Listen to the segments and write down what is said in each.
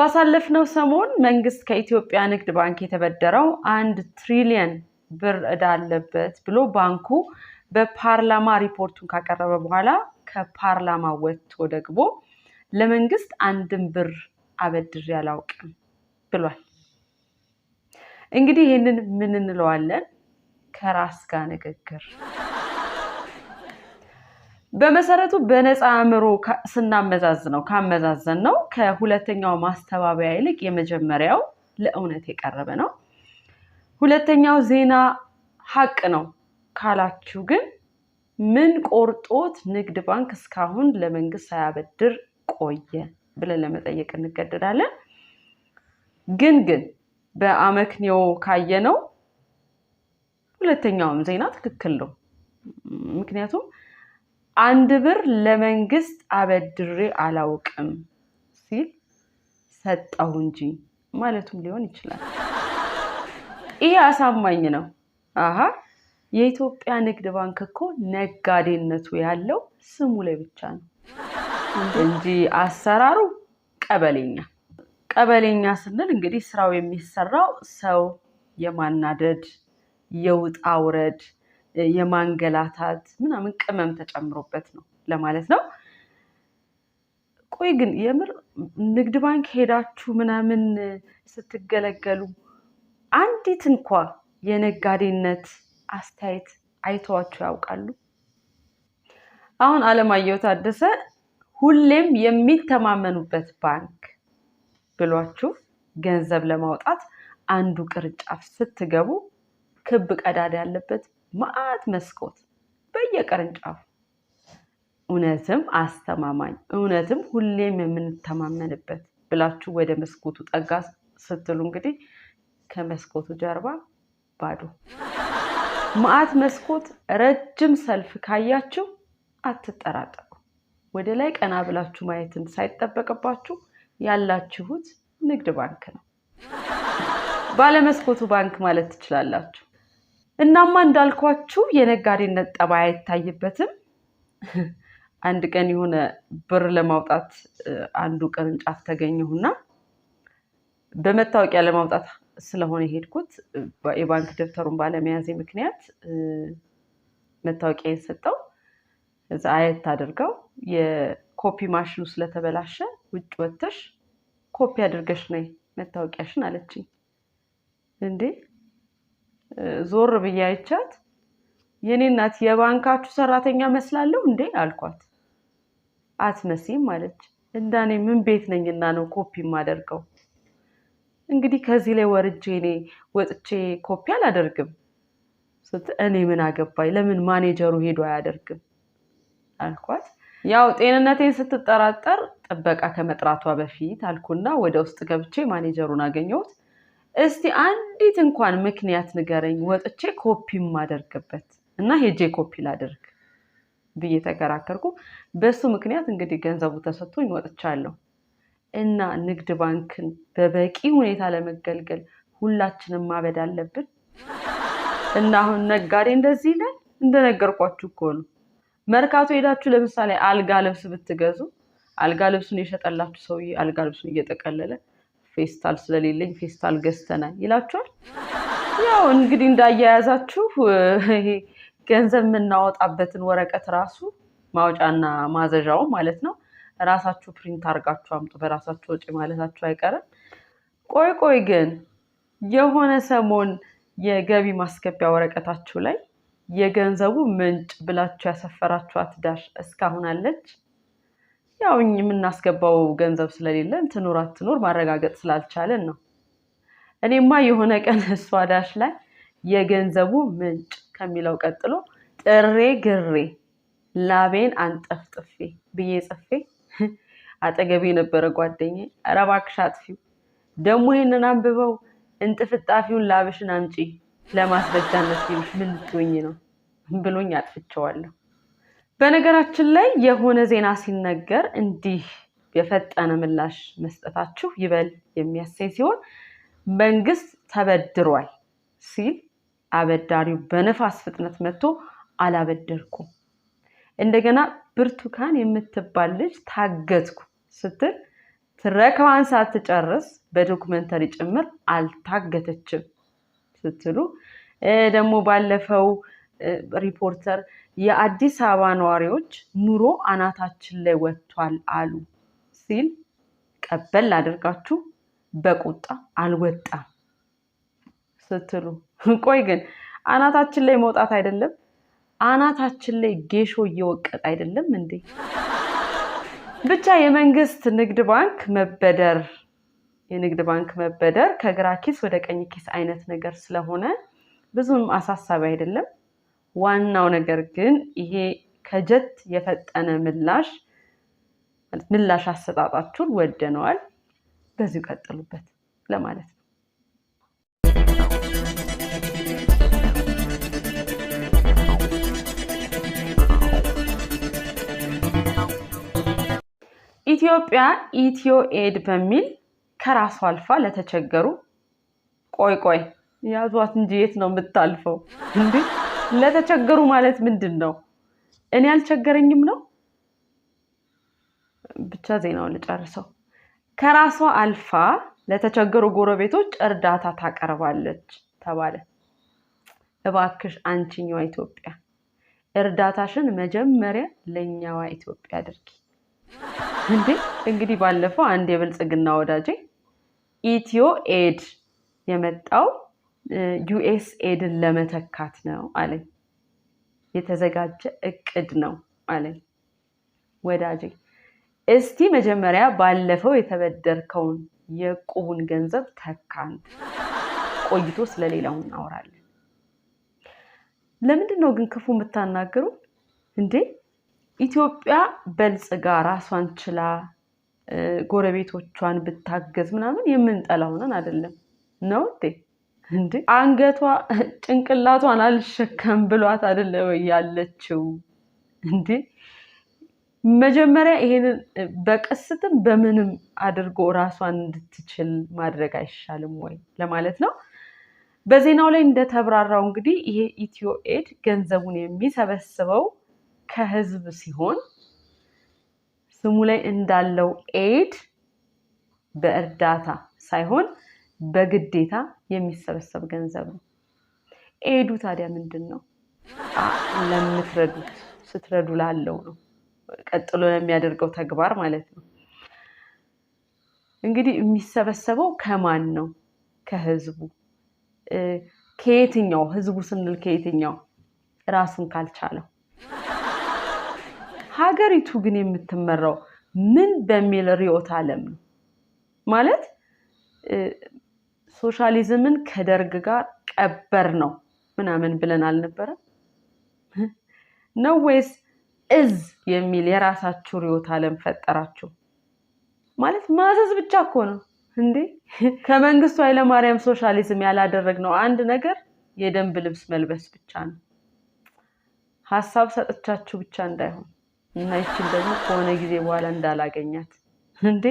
ባሳለፍነው ሰሞን መንግስት ከኢትዮጵያ ንግድ ባንክ የተበደረው አንድ ትሪሊየን ብር እዳለበት አለበት ብሎ ባንኩ በፓርላማ ሪፖርቱን ካቀረበ በኋላ ከፓርላማ ወጥቶ ደግሞ ለመንግስት አንድም ብር አበድሬ አላውቅም ብሏል። እንግዲህ ይህንን ምን እንለዋለን? ከራስ ጋር ንግግር በመሰረቱ በነፃ አእምሮ ስናመዛዝ ነው ካመዛዘን ነው ከሁለተኛው ማስተባበያ ይልቅ የመጀመሪያው ለእውነት የቀረበ ነው። ሁለተኛው ዜና ሀቅ ነው ካላችሁ ግን ምን ቆርጦት ንግድ ባንክ እስካሁን ለመንግስት ሳያበድር ቆየ ብለን ለመጠየቅ እንገደዳለን። ግን ግን በአመክንዮ ነው ሁለተኛውም ዜና ትክክል ነው። ምክንያቱም አንድ ብር ለመንግስት አበድሬ አላውቅም ሲል ሰጠሁ እንጂ ማለቱም ሊሆን ይችላል። ይህ አሳማኝ ነው። አሀ የኢትዮጵያ ንግድ ባንክ እኮ ነጋዴነቱ ያለው ስሙ ላይ ብቻ ነው እንጂ አሰራሩ ቀበሌኛ ቀበሌኛ ስንል እንግዲህ ስራው የሚሰራው ሰው የማናደድ የውጣ ውረድ የማንገላታት ምናምን ቅመም ተጨምሮበት ነው ለማለት ነው። ቆይ ግን የምር ንግድ ባንክ ሄዳችሁ ምናምን ስትገለገሉ አንዲት እንኳ የነጋዴነት አስተያየት አይተዋችሁ ያውቃሉ? አሁን አለማየሁ ታደሰ ሁሌም የሚተማመኑበት ባንክ ብሏችሁ ገንዘብ ለማውጣት አንዱ ቅርንጫፍ ስትገቡ ክብ ቀዳዳ ያለበት ማአት መስኮት በየቅርንጫፉ እውነትም አስተማማኝ እውነትም ሁሌም የምንተማመንበት ብላችሁ ወደ መስኮቱ ጠጋ ስትሉ እንግዲህ ከመስኮቱ ጀርባ ባዶ ማአት መስኮት ረጅም ሰልፍ ካያችሁ አትጠራጠሩ። ወደ ላይ ቀና ብላችሁ ማየትም ሳይጠበቅባችሁ ያላችሁት ንግድ ባንክ ነው። ባለመስኮቱ ባንክ ማለት ትችላላችሁ። እናማ እንዳልኳችሁ የነጋዴነት ጠባይ አይታይበትም። አንድ ቀን የሆነ ብር ለማውጣት አንዱ ቅርንጫፍ ተገኘሁና በመታወቂያ ለማውጣት ስለሆነ የሄድኩት የባንክ ደብተሩን ባለመያዜ ምክንያት መታወቂያ የሰጠው እዛ አየት አድርገው የኮፒ ማሽኑ ስለተበላሸ ውጭ ወጥተሽ ኮፒ አድርገሽ ነይ መታወቂያሽን አለችኝ። እንዴ ዞር ብዬ አይቻት የኔ እናት የባንካችሁ ሰራተኛ መስላለሁ እንዴ አልኳት። አትመሲም አለች። እንዳኔ ምን ቤት ነኝና ነው ኮፒ የማደርገው? እንግዲህ ከዚህ ላይ ወርጄ እኔ ወጥቼ ኮፒ አላደርግም ስት እኔ ምን አገባኝ፣ ለምን ማኔጀሩ ሄዶ አያደርግም አልኳት። ያው ጤንነቴን ስትጠራጠር ጥበቃ ከመጥራቷ በፊት አልኩና ወደ ውስጥ ገብቼ ማኔጀሩን አገኘሁት። እስቲ አንዲት እንኳን ምክንያት ንገረኝ ወጥቼ ኮፒ የማደርግበት እና ሄጄ ኮፒ ላደርግ ብዬ ተከራከርኩ። በሱ ምክንያት እንግዲህ ገንዘቡ ተሰጥቶኝ ወጥቻለሁ እና ንግድ ባንክን በበቂ ሁኔታ ለመገልገል ሁላችንም ማበድ አለብን። እና አሁን ነጋዴ እንደዚህ ይላል። እንደነገርኳችሁ እኮ ነው። መርካቶ ሄዳችሁ ለምሳሌ አልጋ ልብስ ብትገዙ አልጋ ልብሱን የሸጠላችሁ ሰውዬ አልጋ ልብሱን እየጠቀለለ ፌስታል ስለሌለኝ ፌስታል ገዝተነ ይላችኋል። ያው እንግዲህ እንዳያያዛችሁ ገንዘብ የምናወጣበትን ወረቀት ራሱ ማውጫና ማዘዣው ማለት ነው ራሳችሁ ፕሪንት አድርጋችሁ አምጡ በራሳችሁ ወጪ ማለታችሁ አይቀርም። ቆይ ቆይ ግን የሆነ ሰሞን የገቢ ማስገቢያ ወረቀታችሁ ላይ የገንዘቡ ምንጭ ብላችሁ ያሰፈራችኋት ዳሽ እስካሁን አለች? ያው የምናስገባው ገንዘብ ስለሌለ ትኑር አትኑር ማረጋገጥ ስላልቻለን ነው። እኔማ የሆነ ቀን እሷ ዳሽ ላይ የገንዘቡ ምንጭ ከሚለው ቀጥሎ ጥሬ ግሬ ላቤን አንጠፍጥፌ ብዬ ጽፌ አጠገቤ የነበረ ጓደኛ ኧረ እባክሽ አጥፊው ደግሞ ይህንን አንብበው እንጥፍጣፊውን ላብሽን አምጪ ለማስረጃነት ሲሉሽ ምን ልትሆኚ ነው ብሎኝ አጥፍቼዋለሁ። በነገራችን ላይ የሆነ ዜና ሲነገር እንዲህ የፈጠነ ምላሽ መስጠታችሁ ይበል የሚያሰኝ ሲሆን መንግስት ተበድሯል ሲል አበዳሪው በነፋስ ፍጥነት መጥቶ አላበደርኩም፣ እንደገና ብርቱካን የምትባል ልጅ ታገትኩ ስትል ትረካዋን ሳትጨርስ በዶክመንተሪ ጭምር አልታገተችም ስትሉ ደግሞ ባለፈው ሪፖርተር የአዲስ አበባ ነዋሪዎች ኑሮ አናታችን ላይ ወጥቷል አሉ ሲል ቀበል አድርጋችሁ በቁጣ አልወጣም ስትሉ፣ ቆይ ግን አናታችን ላይ መውጣት አይደለም አናታችን ላይ ጌሾ እየወቀጥ አይደለም እንዴ? ብቻ የመንግስት ንግድ ባንክ መበደር የንግድ ባንክ መበደር ከግራ ኪስ ወደ ቀኝ ኪስ አይነት ነገር ስለሆነ ብዙም አሳሳቢ አይደለም። ዋናው ነገር ግን ይሄ ከጀት የፈጠነ ምላሽ ምላሽ አሰጣጣችሁን ወደነዋል። በዚሁ ቀጥሉበት ለማለት ነው። ኢትዮጵያ ኢትዮ ኤድ በሚል ከራሷ አልፋ ለተቸገሩ ቆይ ቆይ ያዟት እንጂ የት ነው የምታልፈው እንዴ? ለተቸገሩ ማለት ምንድን ነው? እኔ አልቸገረኝም ነው። ብቻ ዜናውን ልጨርሰው። ከራሷ አልፋ ለተቸገሩ ጎረቤቶች እርዳታ ታቀርባለች ተባለ። እባክሽ አንቺኛዋ ኢትዮጵያ እርዳታሽን መጀመሪያ ለእኛዋ ኢትዮጵያ አድርጊ። እንዴ እንግዲህ ባለፈው አንድ የብልጽግና ወዳጄ ኢትዮ ኤድ የመጣው ዩኤስ ኤድን ለመተካት ነው አለኝ። የተዘጋጀ እቅድ ነው አለኝ። ወዳጄ እስቲ መጀመሪያ ባለፈው የተበደርከውን የቁቡን ገንዘብ ተካን፣ ቆይቶ ስለሌላው እናወራለን። ለምንድን ነው ግን ክፉ የምታናገሩ እንዴ? ኢትዮጵያ በልጽጋ ራሷን ችላ ጎረቤቶቿን ብታገዝ ምናምን የምንጠላው ነን አይደለም ነው እንዴ? አንገቷ ጭንቅላቷን አልሸከም ብሏት አይደለ ወይ ያለችው? እንዴ መጀመሪያ ይሄንን በቅስትም በምንም አድርጎ እራሷን እንድትችል ማድረግ አይሻልም ወይ ለማለት ነው። በዜናው ላይ እንደተብራራው እንግዲህ ይሄ ኢትዮ ኤድ ገንዘቡን የሚሰበስበው ከህዝብ ሲሆን ስሙ ላይ እንዳለው ኤድ በእርዳታ ሳይሆን በግዴታ የሚሰበሰብ ገንዘብ ነው። ኤዱ ታዲያ ምንድን ነው? ለምትረዱት ስትረዱ ላለው ነው፣ ቀጥሎ ለሚያደርገው ተግባር ማለት ነው። እንግዲህ የሚሰበሰበው ከማን ነው? ከህዝቡ። ከየትኛው ህዝቡ ስንል ከየትኛው? ራሱን ካልቻለው። ሀገሪቱ ግን የምትመራው ምን በሚል ርዕዮተ ዓለም ነው ማለት ሶሻሊዝምን ከደርግ ጋር ቀበር ነው ምናምን ብለን አልነበረም ነው ወይስ እዝ የሚል የራሳችሁ ርዕዮተ ዓለም ፈጠራችሁ? ማለት ማዘዝ ብቻ እኮ ነው እንዴ! ከመንግስቱ ኃይለማርያም ሶሻሊዝም ያላደረግነው አንድ ነገር የደንብ ልብስ መልበስ ብቻ ነው። ሀሳብ ሰጥቻችሁ ብቻ እንዳይሆን እና ይችን ደግሞ ከሆነ ጊዜ በኋላ እንዳላገኛት እንዴ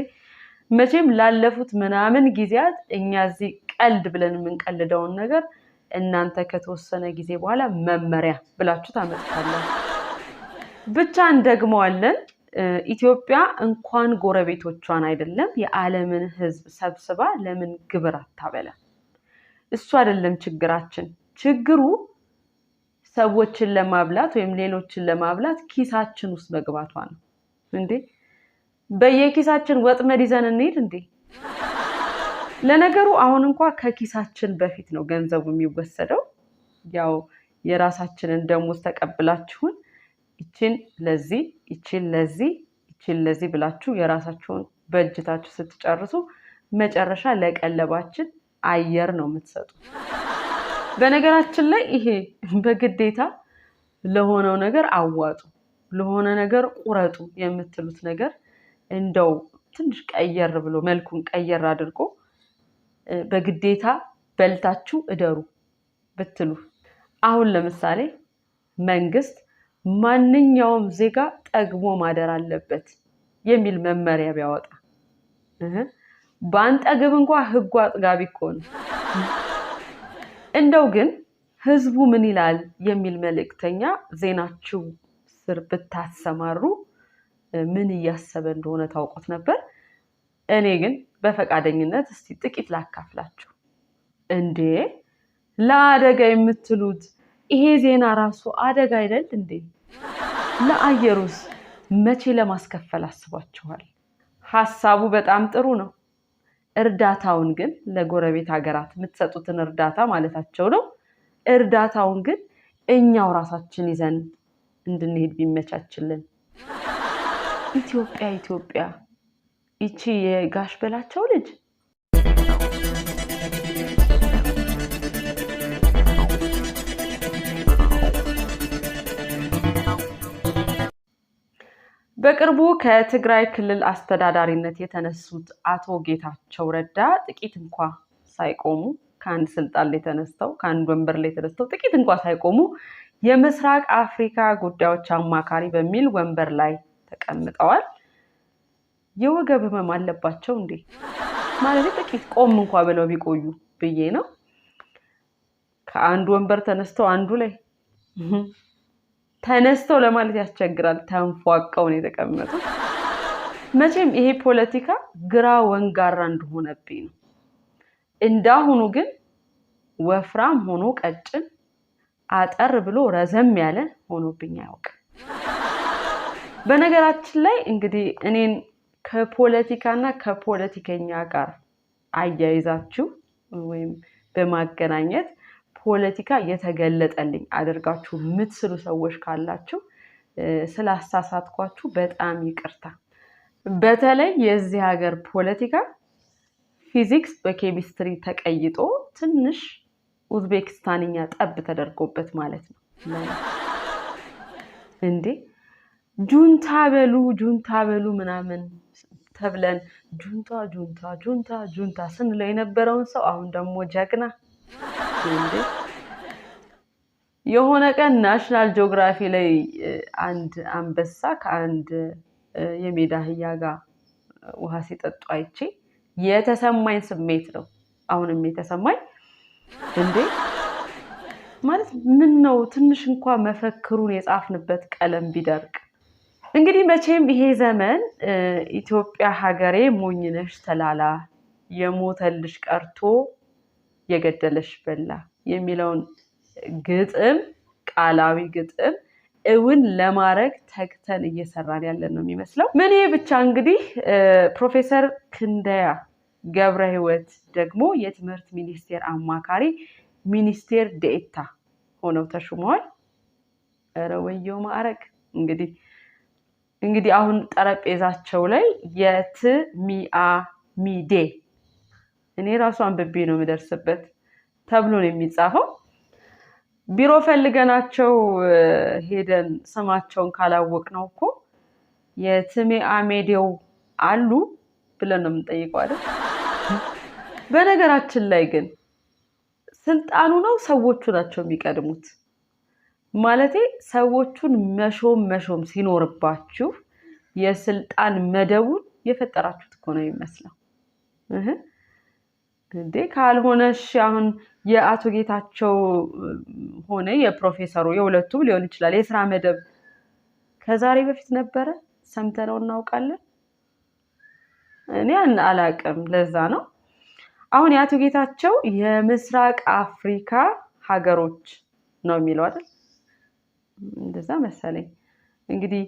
መቼም ላለፉት ምናምን ጊዜያት እኛ እዚህ ቀልድ ብለን የምንቀልደውን ነገር እናንተ ከተወሰነ ጊዜ በኋላ መመሪያ ብላችሁ ታመጣላችሁ። ብቻ እንደግመዋለን። ኢትዮጵያ እንኳን ጎረቤቶቿን አይደለም የዓለምን ሕዝብ ሰብስባ ለምን ግብር አታበላ? እሱ አይደለም ችግራችን። ችግሩ ሰዎችን ለማብላት ወይም ሌሎችን ለማብላት ኪሳችን ውስጥ መግባቷ ነው እንዴ በየኪሳችን ወጥመድ ይዘን እንሄድ እንዴ? ለነገሩ አሁን እንኳ ከኪሳችን በፊት ነው ገንዘቡ የሚወሰደው። ያው የራሳችንን ደሞዝ ተቀብላችሁን ይችን ለዚህ ይችን ለዚህ ይችን ለዚህ ብላችሁ የራሳችሁን በእጅታችሁ ስትጨርሱ መጨረሻ ለቀለባችን አየር ነው የምትሰጡ። በነገራችን ላይ ይሄ በግዴታ ለሆነው ነገር አዋጡ፣ ለሆነ ነገር ቁረጡ የምትሉት ነገር እንደው ትንሽ ቀየር ብሎ መልኩን ቀየር አድርጎ በግዴታ በልታችሁ እደሩ ብትሉ አሁን ለምሳሌ መንግስት ማንኛውም ዜጋ ጠግቦ ማደር አለበት የሚል መመሪያ ቢያወጣ ባንጠግብ እንኳ ህጉ አጥጋቢ እኮ ነው። እንደው ግን ህዝቡ ምን ይላል የሚል መልእክተኛ ዜናችሁ ስር ብታሰማሩ ምን እያሰበ እንደሆነ ታውቆት ነበር። እኔ ግን በፈቃደኝነት እስቲ ጥቂት ላካፍላችሁ። እንዴ ለአደጋ የምትሉት ይሄ ዜና ራሱ አደጋ አይደል እንዴ? ለአየሩስ መቼ ለማስከፈል አስቧችኋል? ሀሳቡ በጣም ጥሩ ነው። እርዳታውን ግን ለጎረቤት ሀገራት የምትሰጡትን እርዳታ ማለታቸው ነው። እርዳታውን ግን እኛው ራሳችን ይዘን እንድንሄድ ቢመቻችልን ኢትዮጵያ ኢትዮጵያ ይቺ የጋሽ በላቸው ልጅ በቅርቡ ከትግራይ ክልል አስተዳዳሪነት የተነሱት አቶ ጌታቸው ረዳ ጥቂት እንኳ ሳይቆሙ ከአንድ ስልጣን ላይ ተነስተው ከአንድ ወንበር ላይ ተነስተው ጥቂት እንኳ ሳይቆሙ የምስራቅ አፍሪካ ጉዳዮች አማካሪ በሚል ወንበር ላይ ተቀምጠዋል። የወገብ ህመም አለባቸው እንዴ? ማለት ጥቂት ቆም እንኳ ብለው ቢቆዩ ብዬ ነው። ከአንድ ወንበር ተነስተው አንዱ ላይ ተነስተው ለማለት ያስቸግራል። ተንፏቀው ነው የተቀመጡት። መቼም ይሄ ፖለቲካ ግራ ወንጋራ እንደሆነብኝ ነው። እንዳሁኑ ግን ወፍራም ሆኖ ቀጭን፣ አጠር ብሎ ረዘም ያለ ሆኖብኝ አያውቅም። በነገራችን ላይ እንግዲህ እኔን ከፖለቲካና ከፖለቲከኛ ጋር አያይዛችሁ ወይም በማገናኘት ፖለቲካ የተገለጠልኝ አድርጋችሁ የምትስሉ ሰዎች ካላችሁ ስላሳሳትኳችሁ በጣም ይቅርታ። በተለይ የዚህ ሀገር ፖለቲካ ፊዚክስ በኬሚስትሪ ተቀይጦ ትንሽ ኡዝቤክስታንኛ ጠብ ተደርጎበት ማለት ነው እንዴ ጁንታ በሉ ጁንታ በሉ ምናምን ተብለን ጁንታ ጁንታ ጁንታ ጁንታ ስንለው የነበረውን ሰው አሁን ደግሞ ጀግና የሆነ ቀን ናሽናል ጂኦግራፊ ላይ አንድ አንበሳ ከአንድ የሜዳ አህያ ጋር ውሃ ሲጠጡ አይቼ የተሰማኝ ስሜት ነው። አሁንም የተሰማኝ እንዴ ማለት ምን ነው ትንሽ እንኳ መፈክሩን የጻፍንበት ቀለም ቢደርቅ እንግዲህ መቼም ይሄ ዘመን ኢትዮጵያ ሀገሬ ሞኝነሽ ተላላ የሞተልሽ ቀርቶ የገደለሽ በላ የሚለውን ግጥም ቃላዊ ግጥም እውን ለማድረግ ተግተን እየሰራን ያለን ነው የሚመስለው። ምን ይሄ ብቻ እንግዲህ ፕሮፌሰር ክንደያ ገብረ ህይወት ደግሞ የትምህርት ሚኒስቴር አማካሪ ሚኒስቴር ዴኤታ ሆነው ተሹመዋል። ኧረ ወየው ማዕረግ እንግዲህ እንግዲህ አሁን ጠረጴዛቸው ላይ የት ሚአ ሚዴ እኔ ራሱ አንብቤ ነው የምደርስበት ተብሎ ነው የሚጻፈው። ቢሮ ፈልገናቸው ሄደን ስማቸውን ካላወቅ ነው እኮ ሚአ ሚዴው አሉ ብለን ነው የምንጠይቀው አይደል? በነገራችን ላይ ግን ስልጣኑ ነው ሰዎቹ ናቸው የሚቀድሙት። ማለቴ ሰዎቹን መሾም መሾም ሲኖርባችሁ የስልጣን መደቡን የፈጠራችሁት እኮ ነው የሚመስለው። እንዴ ካልሆነሽ አሁን የአቶ ጌታቸው ሆነ የፕሮፌሰሩ የሁለቱም ሊሆን ይችላል የስራ መደብ ከዛሬ በፊት ነበረ፣ ሰምተነው እናውቃለን። እኔ አላቅም። ለዛ ነው አሁን የአቶ ጌታቸው የምስራቅ አፍሪካ ሀገሮች ነው የሚለው አይደል? እንደዛ መሰለኝ እንግዲህ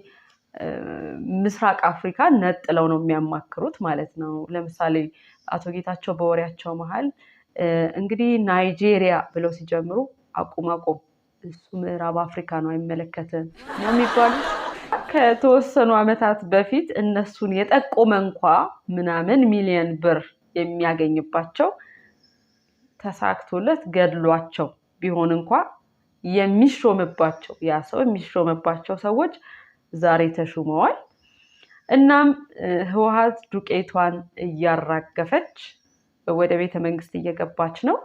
ምስራቅ አፍሪካ ነጥለው ነው የሚያማክሩት ማለት ነው። ለምሳሌ አቶ ጌታቸው በወሬያቸው መሀል እንግዲህ ናይጄሪያ ብለው ሲጀምሩ አቁም አቁም፣ እሱ ምዕራብ አፍሪካ ነው አይመለከትም ነው የሚባሉት። ከተወሰኑ ዓመታት በፊት እነሱን የጠቆመ እንኳ ምናምን ሚሊዮን ብር የሚያገኝባቸው ተሳክቶለት ገድሏቸው ቢሆን እንኳ የሚሾምባቸው ያ ሰው የሚሾምባቸው ሰዎች ዛሬ ተሹመዋል። እናም ህወሀት ዱቄቷን እያራገፈች ወደ ቤተ መንግስት እየገባች ነው።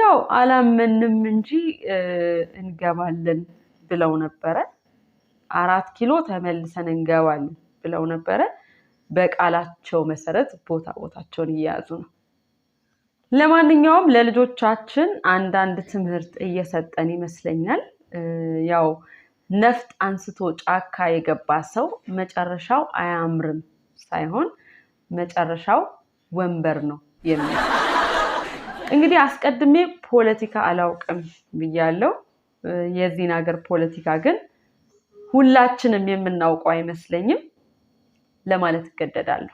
ያው አላመንም እንጂ እንገባለን ብለው ነበረ። አራት ኪሎ ተመልሰን እንገባለን ብለው ነበረ። በቃላቸው መሰረት ቦታ ቦታቸውን እየያዙ ነው። ለማንኛውም ለልጆቻችን አንዳንድ ትምህርት እየሰጠን ይመስለኛል። ያው ነፍጥ አንስቶ ጫካ የገባ ሰው መጨረሻው አያምርም ሳይሆን መጨረሻው ወንበር ነው የሚ እንግዲህ አስቀድሜ ፖለቲካ አላውቅም ብያለሁ። የዚህን ሀገር ፖለቲካ ግን ሁላችንም የምናውቀው አይመስለኝም ለማለት እገደዳለሁ።